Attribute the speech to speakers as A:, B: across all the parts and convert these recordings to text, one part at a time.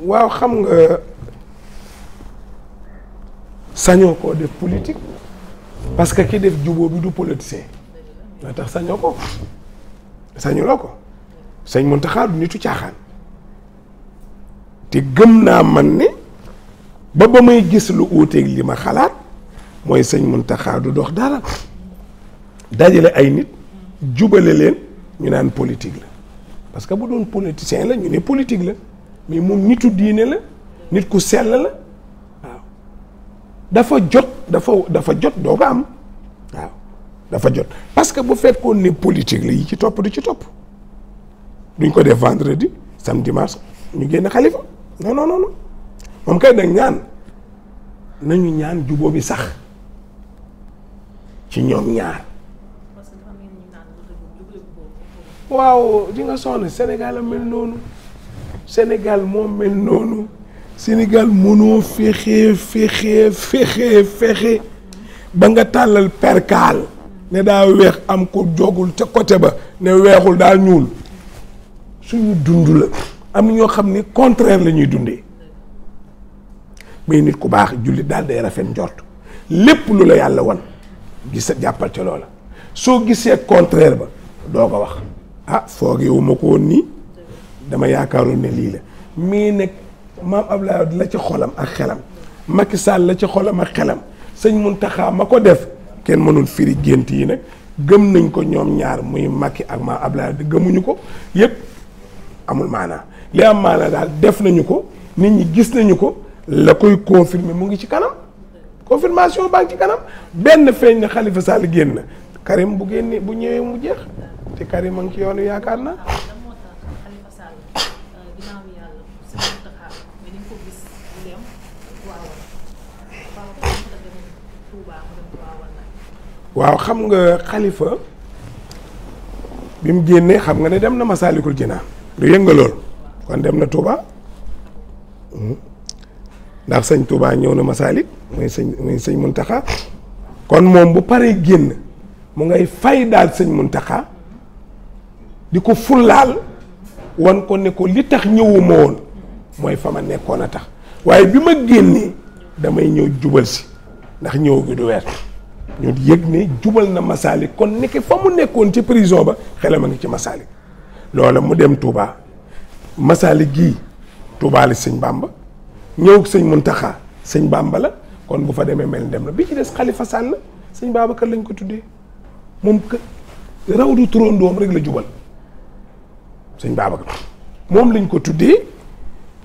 A: waaw xam nga sañoo ko def politique parce que ki def jubóo bi du politicien moo tax sañoo ko sañuloo ko sañ Mountakha du nitu caaxaan te gëm naa man ne ba ba may gis lu uuteeg li ma xalaat mooy sëñ Mountakha du dox dara dajale ay nit jubale leen ñu naan politique la parce que bu doon politicien la ñu ne politique la mais moom nitu diine la nit ku sell la waaw dafa jot dafa dafa jot doo ko am waaw dafa jot parce que bu fekkoon ne politique la yi ci topp du ci topp duñ ko def vendredi samedi dimanche ñu génn xalifa non non non non moom kay dag ñaan nañu ñaan jubóo bi sax ci ñoom ñaar waaw di nga sonn Sénégal a mel noonu senegal moom mel noonu Sénégal mënoo fexe fexe fexe ba nga tàllal perkaal ne daa weex am ku jogul ca côté ba ne weexul daa ñuul suñu dund la am na ñoo xam ni contraire la ñuy dundee mais nit ku baax jullit daal day rafet njort lépp lu la yàlla wan gis jàppal ca loola soo gisee contraire ba doo ko wax a ah, foogeewu ma ko woon nii dama yaakaaroon ne lii la mais nekk maam Abdoulaye la ci xolam ak xelam makki Sall la ci xolam ak xelam sëñ Mountakha a ko def kenn mënul firi gént yi nag gëm nañ ko ñoom ñaar muy Macky ak maam Abdoulaye gëmuñu ko yëpp amul maanaa li am maanaa daal def nañu ko nit ñi gis nañu ko la koy confirmer mu ngi ci kanam confirmation baa ngi ci kanam benn feeñ na xalifa Sall génn Karim bu génnee bu ñëwee mu jeex te Karim ngi ci yoonu yaakaar na waaw xam nga xalifa bi mu génnee xam nga ne dem na Masaalikul Jinaan du yënga lool kon dem na Touba hmm. ndax sëñ Touba ñëw na Masaalik mooy sëñ mooy sëñ Muntaxa kon moom bu paree génn mu ngay fay daal sëñ Muntaxa di ko fullaal wan ko ne ko li tax ñëwuma woon mooy fa ma nekkoon a tax waaye bi ma génnee damay ñëw jubal si ndax ñëw gi du weer ñu yëg ne jubal na Masalik kon nekk fa mu nekkoon ci prison ba xelam a ngi ci Masalik loola mu dem Touba Masalik gii Touba sëñ Bamba ñëw sëñ Muntaxa sëñ Bamba la kon bu fa demee mel dem la bi ci des Xalifa Sall sëñ Babacar lañ ko tuddee moom que raw du turandoom rek la jubal sëñ Babacar moom lañ ko tuddee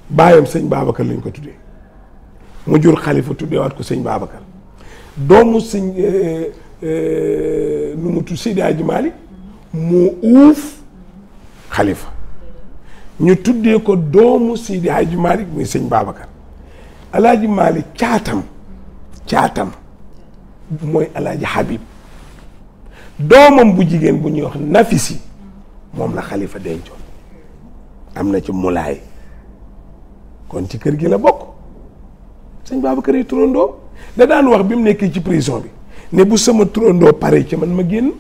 A: baayam sëñ Babacar lañ ko tuddee mu jur Xalifa tuddeewaat ko sëñ Babacar. doomu sëñ euh, euh, nu mu tudd Seydi moo uuf xalifa ñu tuddee ko doomu Seydi Hadji Malick muy sëñ Babacar alaaji Malick caatam caatam mooy alaaji Habib doomam bu jigéen bu ñuy wax Nafisi moom la xalifa dencoon am na ci mulaay kon ci kër gi la bokk sëñ Babacar yi turandoom da daan wax bi mu nekkee ci prison bi ne bu sama turandoo pare ci man ma génn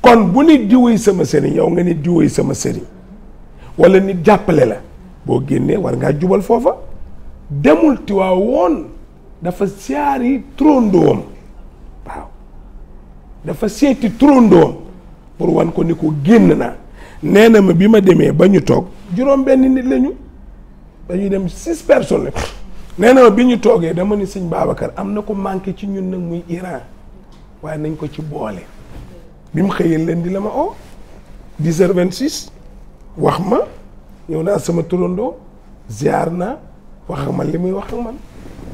A: kon bu nit diwee sama sëriñ yow nga ne yi sama sëriñ walla nit jàppale la boo génnee war ngaa jubal foofa demul tiwaa woon dafa siyaari turandoom waaw dafa seeti turandoom pour wan ko ni ko génn na nee na ma bi ma demee ba ñu toog juróom benn nit lañu dañuy dem six personnes la nee na bi ñu toogee dama ni sëñ Babacar am na ko manqué ci ñun nag muy Iran waaye nañ ko ci boole bi mu xëyee leen di la ma o 10h26 wax ma ñëw naa sama turandoo ziar naa wax ak man li muy wax ak man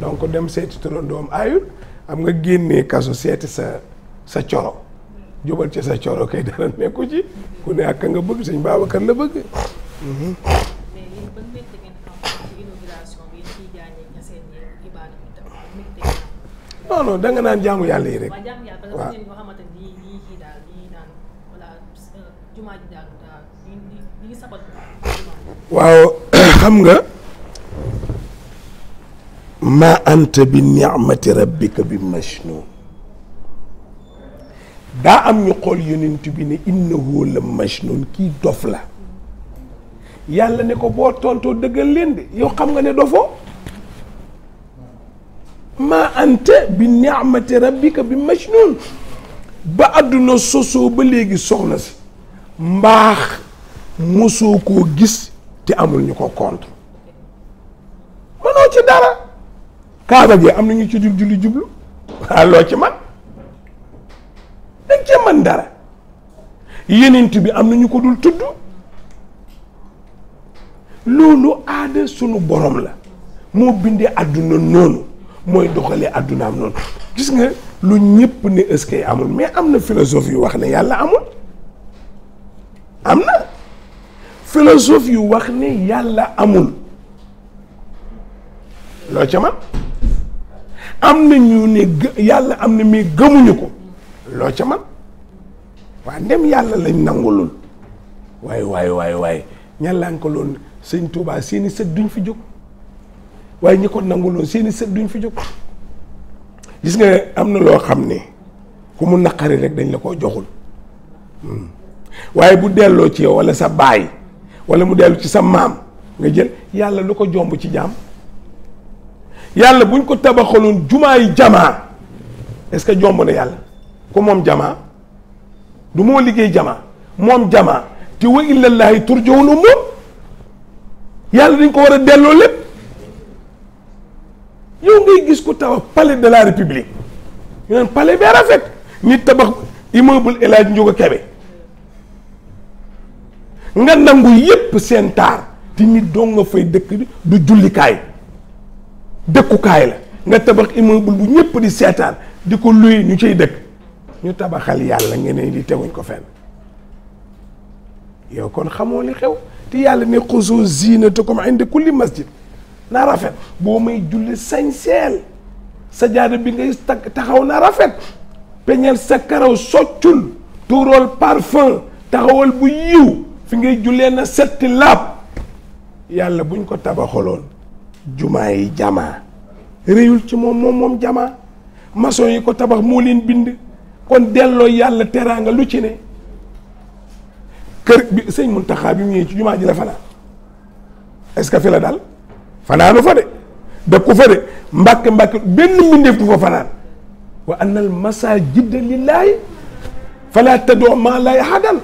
A: donc dem seeti turandoom ayul am nga génnee kaso seeti sa sa coro jubal ci sa coro kay dara nekku ci ku ne ak nga bëgg sëñ Babacar la bëgg. Mhm. non danga naan jaamu yàlla yi rek. waaw waaw xam nga. ma anta bi ni'mati rabbika bi majnun daa am ñu xool yonent bi ne innahu la majnun kii dof la yàlla ne ko boo tontoo dëggal leen de yow xam nga ne dofoo anta bi ni'mati rabbika bi majnun ba àdduna sosoo ba léegi soxna si mbaax mosoo koo gis te amul ñu ko contre mënoo ci dara kaaba gi am na ñu ci dul julli jublu waa loo ci man dañ cee mën dara yenent bi am na ñu ko dul tudd loolu aada sunu borom la moo bindee àdduna noonu mooy doxalee àdduna am noonu gis nga lu ñëpp ne ëskay amul mais am na philosophe yu wax ne yàlla amul am na philosophe yu wax ne yàlla amul loo ca man am na ñu ne yàlla am na mais gëmuñu ko loo ca man waa ndem yàlla lañ nangulul waaye waaye waaye waaye ñàllaan ko loon sëñ Tuubaa seeni sët duñ fi jóg waaye ñi ko nanguloon seeni sët duñ fi jóg gis nga am na loo xam ni ku mu naqari rek dañ la koo joxul hmm. waaye bu delloo ci yow wala sa baay wala mu dellu ci sa maam nga jël yàlla lu ko jomb ci jaam yàlla buñ ko tabaxaloon jumaayi jamaa est que jomb na yàlla ku moom jamaa du moo liggéey jamaa moom jamaa te wa illallaahi turjawul umur yàlla dañ ko war a delloo lépp yow ngay gis ku tabax palais de la république ñu naan palais bee tabax immeuble El Hadj Ndiouga Kébé nga nangu yépp seen taar te nit doo nga fay dëkk du jullikaay dëkkukaay la nga tabax immeuble bu ñëpp di seetaan di ko luy ñu ciy dëkk ñu tabaxal yàlla ngeen di teguñ ko fenn yow kon xamoo li xew te yàlla ne xusu ziinatakum indi kulli masjid na rafet boo may julli sañseel sa jaada bi ngay taxaw na rafet peñel sa karaw soccul tuurool parfum taxawal bu yiw fi ngay jullee na setti laab yàlla buñ ko tabaxaloon jumaa yi jamaa réyul ci moom moom moom jamaa maçon yi ko tabax moo leen bind kon delloo yàlla teraanga lu ci ne kër bi sëñ Muntaxa bi mu ñëwee ci jumaa ji la fanaan est-ce que fi la daal fanaanu fa de def ko fa de mbàkk mbàkk benn mbindeef du fa fanaan wa anna al masajida lillahi fala tadoo maa lay xadal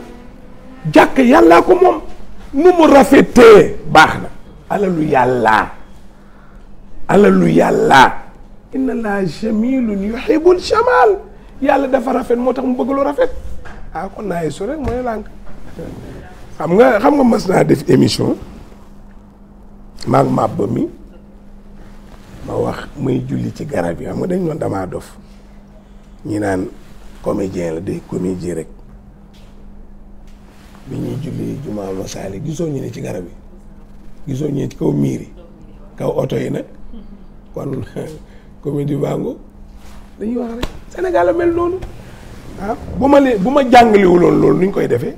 A: jàkk yàllaa ko moom nu rafetee baax na alalu yàllaa alalu yàllaa inna laa jamilun yuhibul shamal yàlla dafa rafet moo tax mu bëgg lu rafet ah kon naa yeesu rek mooy lànk xam nga xam nga mas naa def émission maag màbba mi ma wax muy julli ci garab yi xam nga dañ doon damaa dof ñi naan comédien la day comédien rek bi ñuy julli jumaa masaali gisoo ñu ne ci garab yi gisoo ñu ne ci kaw miir yi kaw oto yi nag kon comédie bango dañuy wax rek Sénégal a ah, bu ma lee bu ma jàngaliwuloon loolu nu ñu koy defee